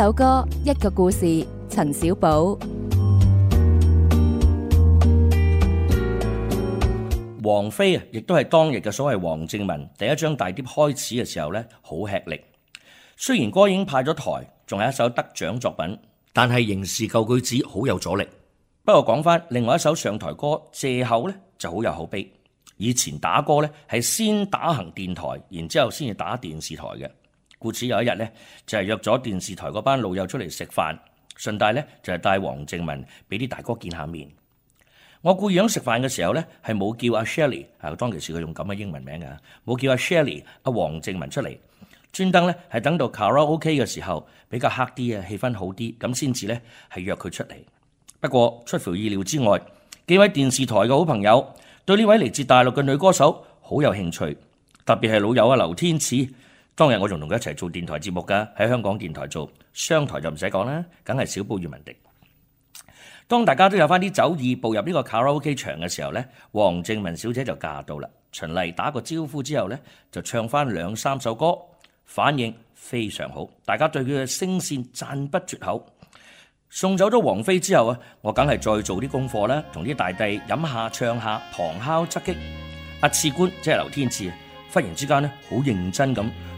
首歌，一個故事，陳少寶、王菲啊，亦都係當日嘅所謂王靖雯第一張大碟開始嘅時候咧，好吃力。雖然歌已經派咗台，仲係一首得獎作品，但係仍是舊句子好有阻力。不過講翻另外一首上台歌《借口》咧，就好有口碑。以前打歌咧係先打行電台，然之後先至打電視台嘅。故此有一日咧，就係約咗電視台嗰班老友出嚟食飯，順帶咧就係帶王靖雯俾啲大哥見下面。我故意喺食飯嘅時候咧，係冇叫阿 Shirley，啊當其時佢用咁嘅英文名嘅，冇叫阿 Shirley、阿王靖雯出嚟，專登咧係等到卡拉 OK 嘅時候比較黑啲啊，氣氛好啲，咁先至咧係約佢出嚟。不過出乎意料之外，幾位電視台嘅好朋友對呢位嚟自大陸嘅女歌手好有興趣，特別係老友阿劉天賜。當日我仲同佢一齊做電台節目㗎，喺香港電台做商台就唔使講啦，梗係小寶與文迪。當大家都有翻啲酒意步入呢個卡拉 OK 場嘅時候呢，王靖雯小姐就駕到啦。循例打個招呼之後呢，就唱翻兩三首歌，反應非常好，大家對佢嘅聲線讚不絕口。送走咗王菲之後啊，我梗係再做啲功課啦，同啲大帝飲下唱下，旁敲側擊。阿、啊、賜官即係劉天賜，忽然之間呢，好認真咁。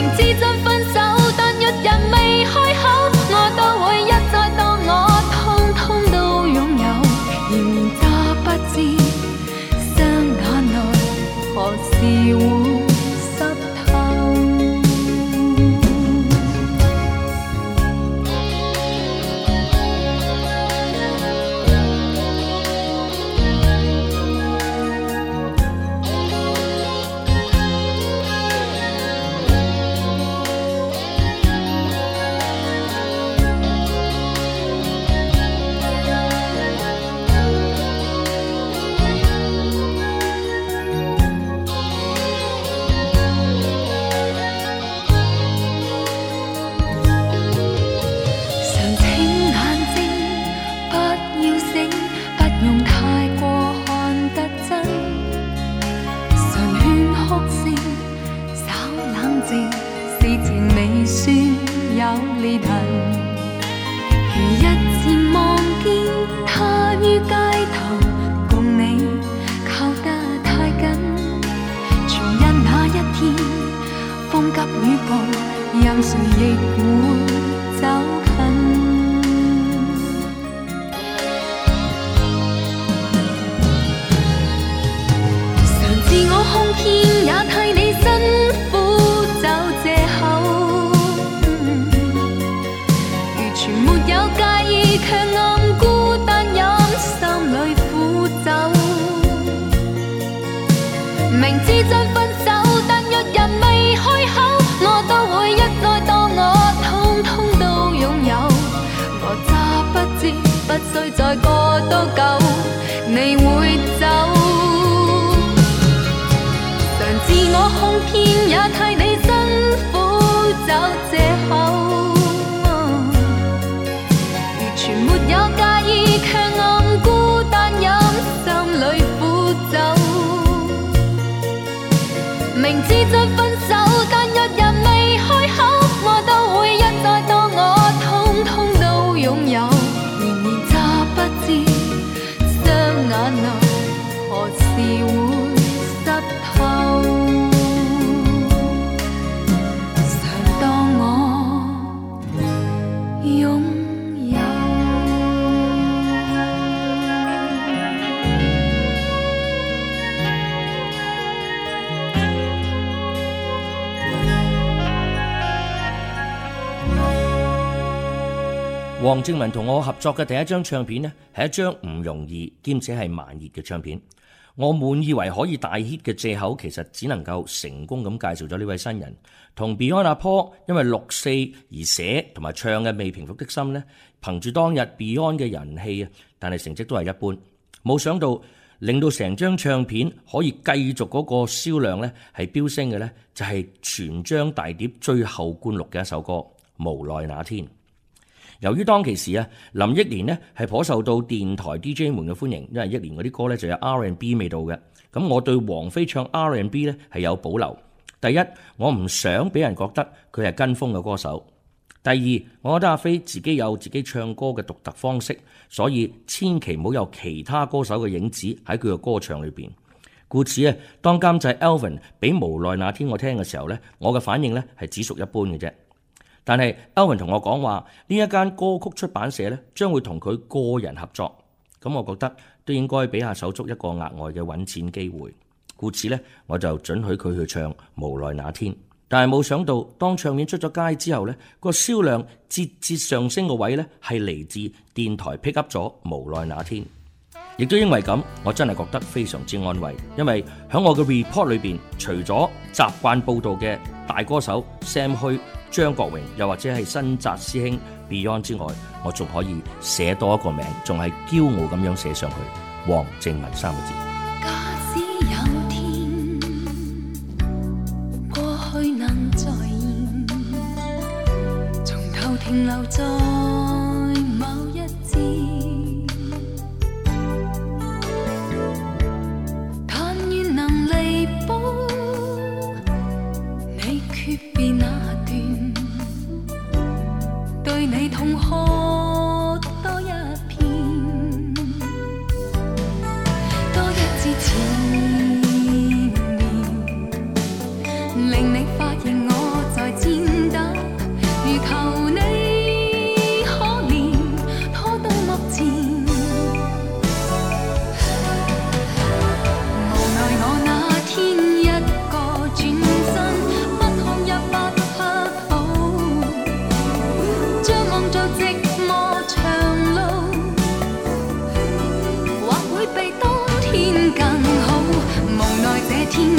明知將分手。不需再過多久，你會走。常自我哄騙，也替你。王靖雯同我合作嘅第一張唱片呢，係一張唔容易兼且係慢熱嘅唱片。我滿以為可以大 hit 嘅借口，其實只能夠成功咁介紹咗呢位新人同 Beyond 阿 Paul，Paul，因為六四而寫同埋唱嘅《未平復的心》呢，憑住當日 Beyond 嘅人氣啊，但係成績都係一般。冇想到令到成張唱片可以繼續嗰個銷量呢，係飆升嘅呢，就係、是、全張大碟最後灌錄嘅一首歌《無奈那天》。由於當其時啊，林憶蓮咧係頗受到電台 DJ 們嘅歡迎，因為憶蓮嗰啲歌咧就有 R and B 味道嘅。咁我對王菲唱 R and B 咧係有保留。第一，我唔想俾人覺得佢係跟風嘅歌手。第二，我覺得阿菲自己有自己唱歌嘅獨特方式，所以千祈唔好有其他歌手嘅影子喺佢嘅歌唱裏邊。故此啊，當監製 Alvin 俾《無奈那天》我聽嘅時候呢，我嘅反應呢係只屬一般嘅啫。但係歐文同我講話，呢一間歌曲出版社咧，將會同佢個人合作。咁我覺得都應該俾下手足一個額外嘅揾錢機會，故此咧我就准許佢去唱《無奈那天》。但係冇想到，當唱片出咗街之後咧，個銷量節節上升嘅位咧係嚟自電台 Pick Up 咗《無奈那天》，亦都因為咁，我真係覺得非常之安慰，因為喺我嘅 report 裏邊，除咗習慣報導嘅大歌手 Sam Hui。張國榮又或者係新紮師兄 Beyond 之外，我仲可以寫多一個名，仲係驕傲咁樣寫上去，黃霑文三個字。假使有天，過去能再現，從頭停留在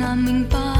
難明白。